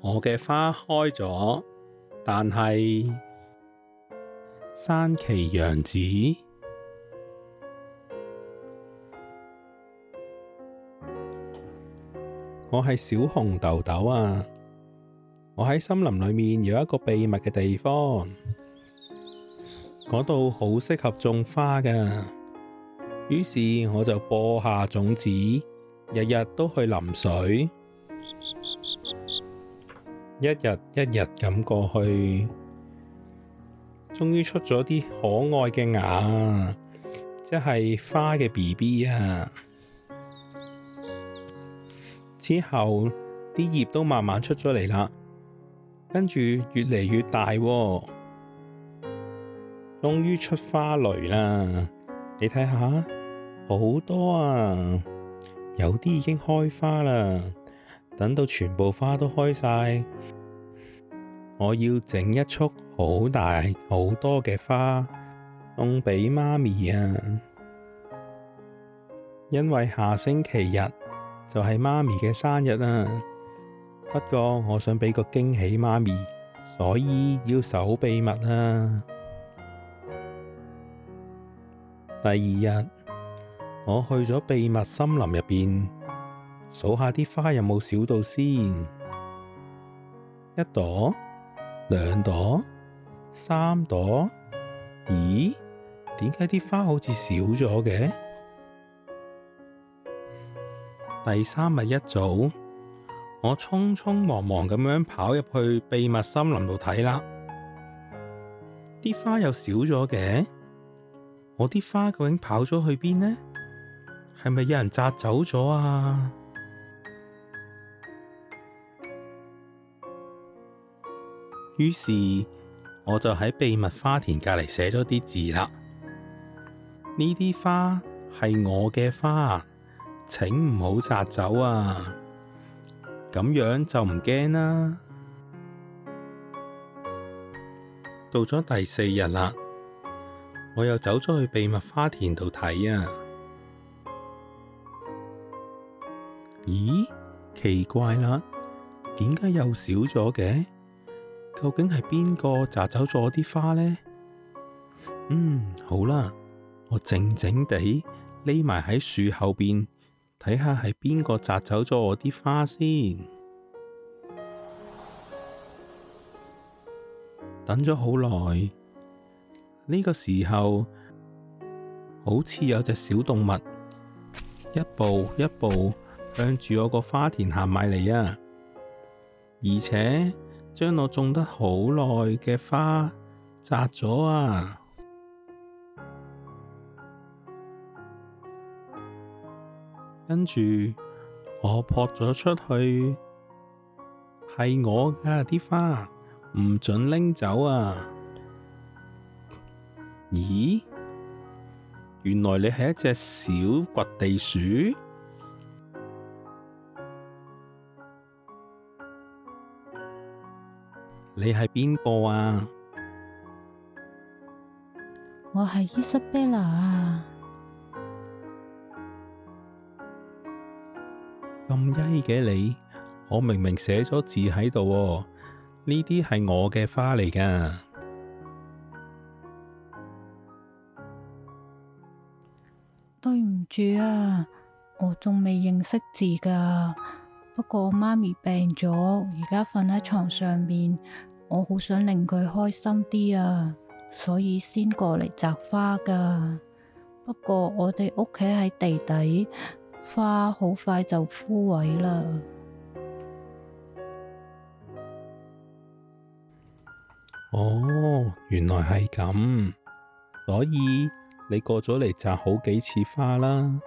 我嘅花開咗，但係山崎洋子，我係小紅豆豆啊！我喺森林裏面有一個秘密嘅地方。嗰度好適合種花噶，於是我就播下種子，日日都去淋水，一日一日咁過去，終於出咗啲可愛嘅芽，即係花嘅 BB 啊！之後啲葉都慢慢出咗嚟啦，跟住越嚟越大啊。終於出花蕾啦！你睇下，好多啊，有啲已經開花啦。等到全部花都開晒，我要整一束好大好多嘅花送俾媽咪啊！因為下星期日就係媽咪嘅生日啦，啊，不過我想俾個驚喜媽咪，所以要守秘密啊！第二日，我去咗秘密森林入邊數下啲花有冇少到先，一朵、兩朵、三朵，咦？點解啲花好似少咗嘅？第三日一早，我匆匆忙忙咁樣跑入去秘密森林度睇啦，啲花又少咗嘅。我啲花究竟跑咗去邊呢？係咪有人摘走咗啊？於是我就喺秘密花田隔籬寫咗啲字啦。呢啲花係我嘅花，請唔好摘走啊！咁樣就唔驚啦。到咗第四日啦。我又走咗去秘密花田度睇啊！咦，奇怪啦，點解又少咗嘅？究竟係邊個摘走咗我啲花呢？嗯，好啦，我靜靜地匿埋喺樹後邊睇下係邊個摘走咗我啲花先。等咗好耐。呢個時候，好似有隻小動物一步一步向住我個花田行埋嚟啊！而且將我種得好耐嘅花摘咗啊！跟住我撲咗出去，係我噶啲花，唔准拎走啊！咦，原來你係一隻小掘地鼠。你係邊個啊？我係伊莎貝拉啊！咁曳嘅你，我明明寫咗字喺度喎，呢啲係我嘅花嚟噶。對唔住啊，我仲未認識字㗎。不過媽咪病咗，而家瞓喺床上面，我好想令佢開心啲啊，所以先過嚟摘花㗎。不過我哋屋企喺地底，花好快就枯萎啦。哦，原來係咁，所以。你過咗嚟，摘好幾次花啦。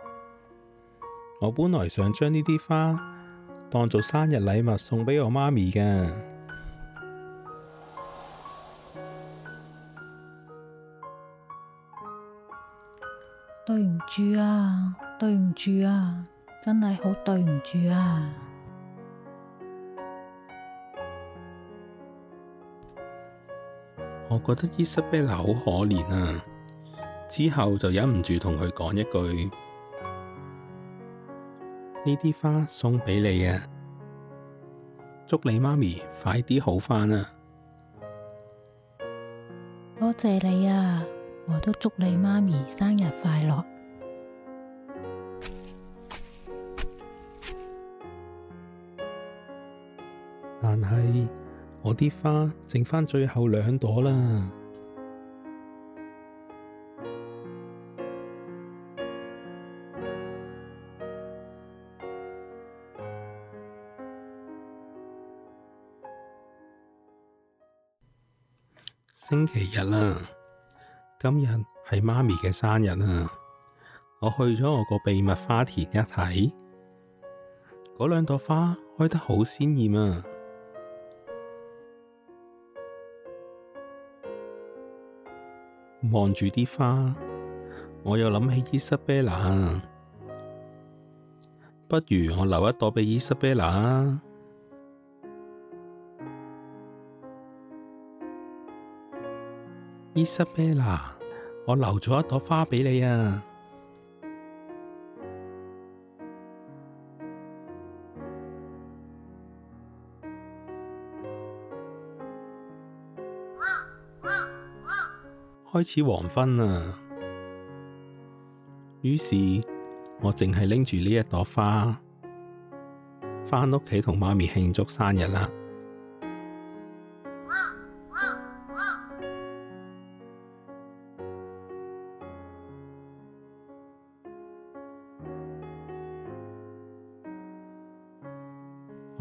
我本來想將呢啲花當做生日禮物送畀我媽咪㗎。對唔住啊，對唔住啊，真係好對唔住啊！我覺得伊莎貝拉好可憐啊。之後就忍唔住同佢講一句：呢啲花送畀你啊！祝你媽咪快啲好返啊！多謝你啊！我都祝你媽咪生日快樂。但係我啲花剩翻最後兩朵啦。星期日啦、啊，今日係媽咪嘅生日啦、啊。我去咗我個秘密花田一睇，嗰兩朵花開得好鮮艷啊！望住啲花，我又諗起伊莎貝拉啊，不如我留一朵畀伊莎貝拉啊。Isabella，我留咗一朵花畀你啊！ 開始黃昏啦，於是我淨係拎住呢一朵花，返屋企同媽咪慶祝生日啦。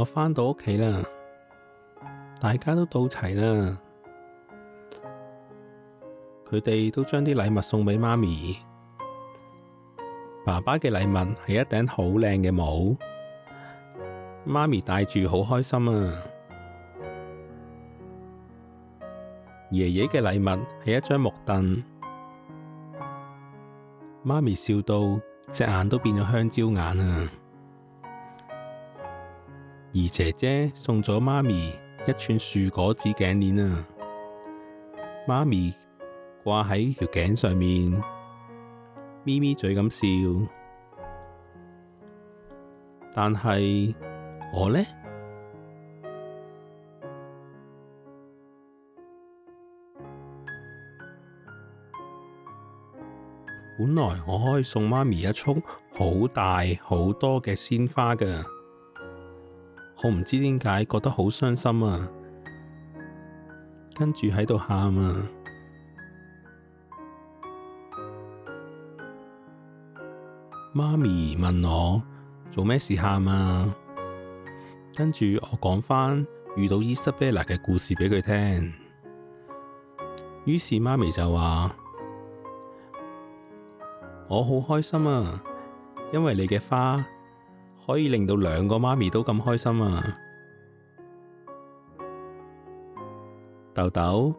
我返到屋企啦，大家都到齊啦。佢哋都將啲禮物送俾媽咪。爸爸嘅禮物係一頂好靚嘅帽，媽咪戴住好開心啊。爺爺嘅禮物係一張木凳，媽咪笑到隻眼都變咗香蕉眼啊！而姐姐送咗媽咪一串樹果子頸鏈啊，媽咪掛喺條頸上面，咪咪嘴咁笑。但係我呢？本來我可以送媽咪一束好大好多嘅鮮花㗎。我唔知點解，覺得好傷心啊！跟住喺度喊啊！媽咪問我做咩事喊啊？跟住我講返遇到伊莎貝拉嘅故事畀佢聽。於是媽咪就話：我好開心啊，因為你嘅花。可以令到兩個媽咪都咁開心啊！豆豆，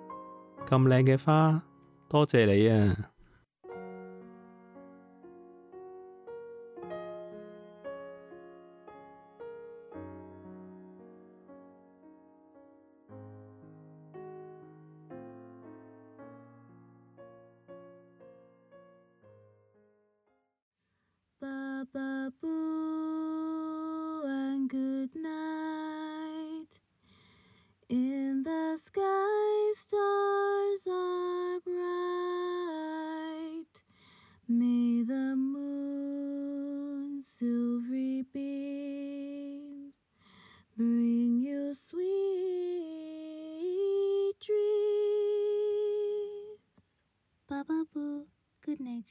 咁靚嘅花，多謝你啊！